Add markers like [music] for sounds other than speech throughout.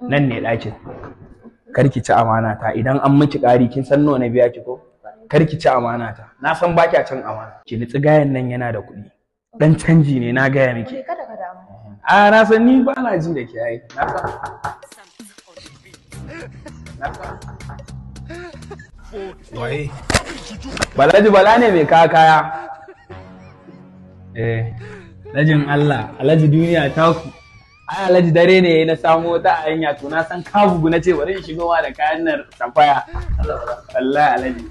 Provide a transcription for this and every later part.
nan ne ɗakin karki ci amana ta idan an miki ƙari kin san nawa na biya ki ko karki ci amana ta na san ba kya can amana ki nitsi gayan nan yana da kuɗi dan canji ne na gaya miki eh, a na san ni ba na ji da ke ai na san balaji bala ne mai kaya kaya eh lajin Allah alaji duniya taku ai alhaji dare ne na samu wata a hanya to na san ka bugu na ce bari in shigowa da kayan nan safaya wallahi alhaji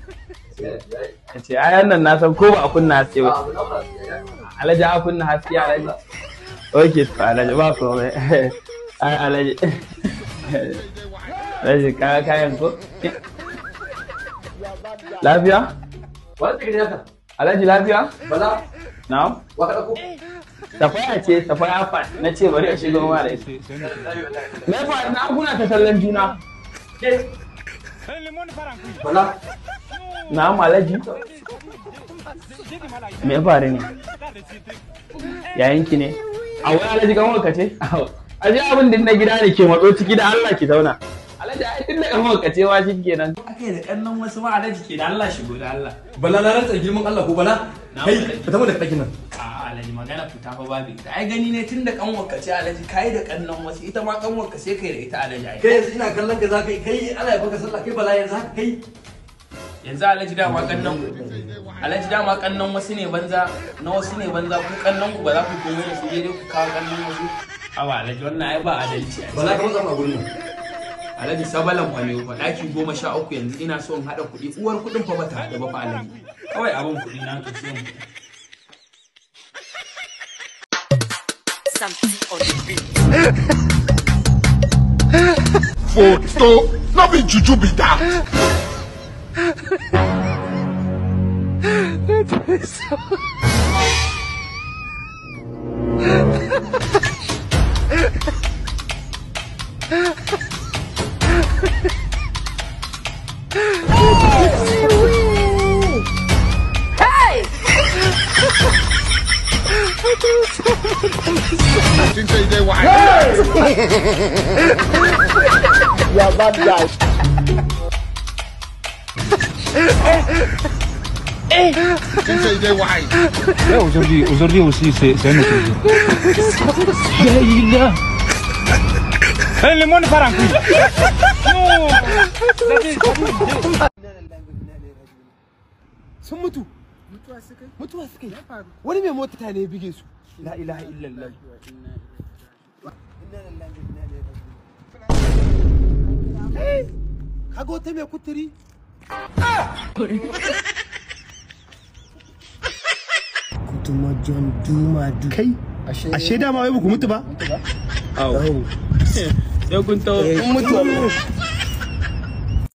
ka ce ai wannan na san ko ba a kunna haske ba alhaji a kunna haske alhaji ok to alhaji ba so komai ai alhaji alhaji ka kayan ko lafiya alhaji lafiya bala na'am wa ka safaya ce safaya fa na ce bari a shigo ma da ita me fa na kuna ta sallan juna bala na malaji me faru ne yayin ki ne a wani alaji kan wanka ce a ji abin din na gida ne ke matso ciki da Allah ki zauna alaji ai tun da kan wanka ce wa shi aka yi da kannan wasu ma alaji ke da Allah shigo da Allah bala na rantsa girman Allah ko bala kai Ka mu da kakin nan alhaji magana fita fa babu ita ai gani ne tunda kan wakace ce alhaji kai da kannan wasu ita ma kan wakace sai kai da ita alhaji kai yanzu ina kallon ka zaka kai ana ya ka sallah kai bala yanzu haka kai yanzu alhaji ma kannan alhaji ma kannan wasu ne banza na wasu ne banza ku kannan ku ba za ku komai da su je dai ku kawo kannan wasu awa alhaji wannan ai ba adalci ba za ka matsa ma gurin alhaji sabalan wa mai daki goma sha uku yanzu ina so in haɗa kuɗi uwar kuɗin fa bata haɗa ba fa alhaji kawai abin kuɗi na ka ce something on the beat. For Photo, not be juju be that. that is so... hey! [laughs] 先最最壞。又乜嘢？Sensei ده يا اله mutuwa suka yi wani mai mota ne ya bige su la ilaha illallah kaga wata mai kuturi kutuma john duma du kai ashe dama wai ba mutu ba kun tawo eh,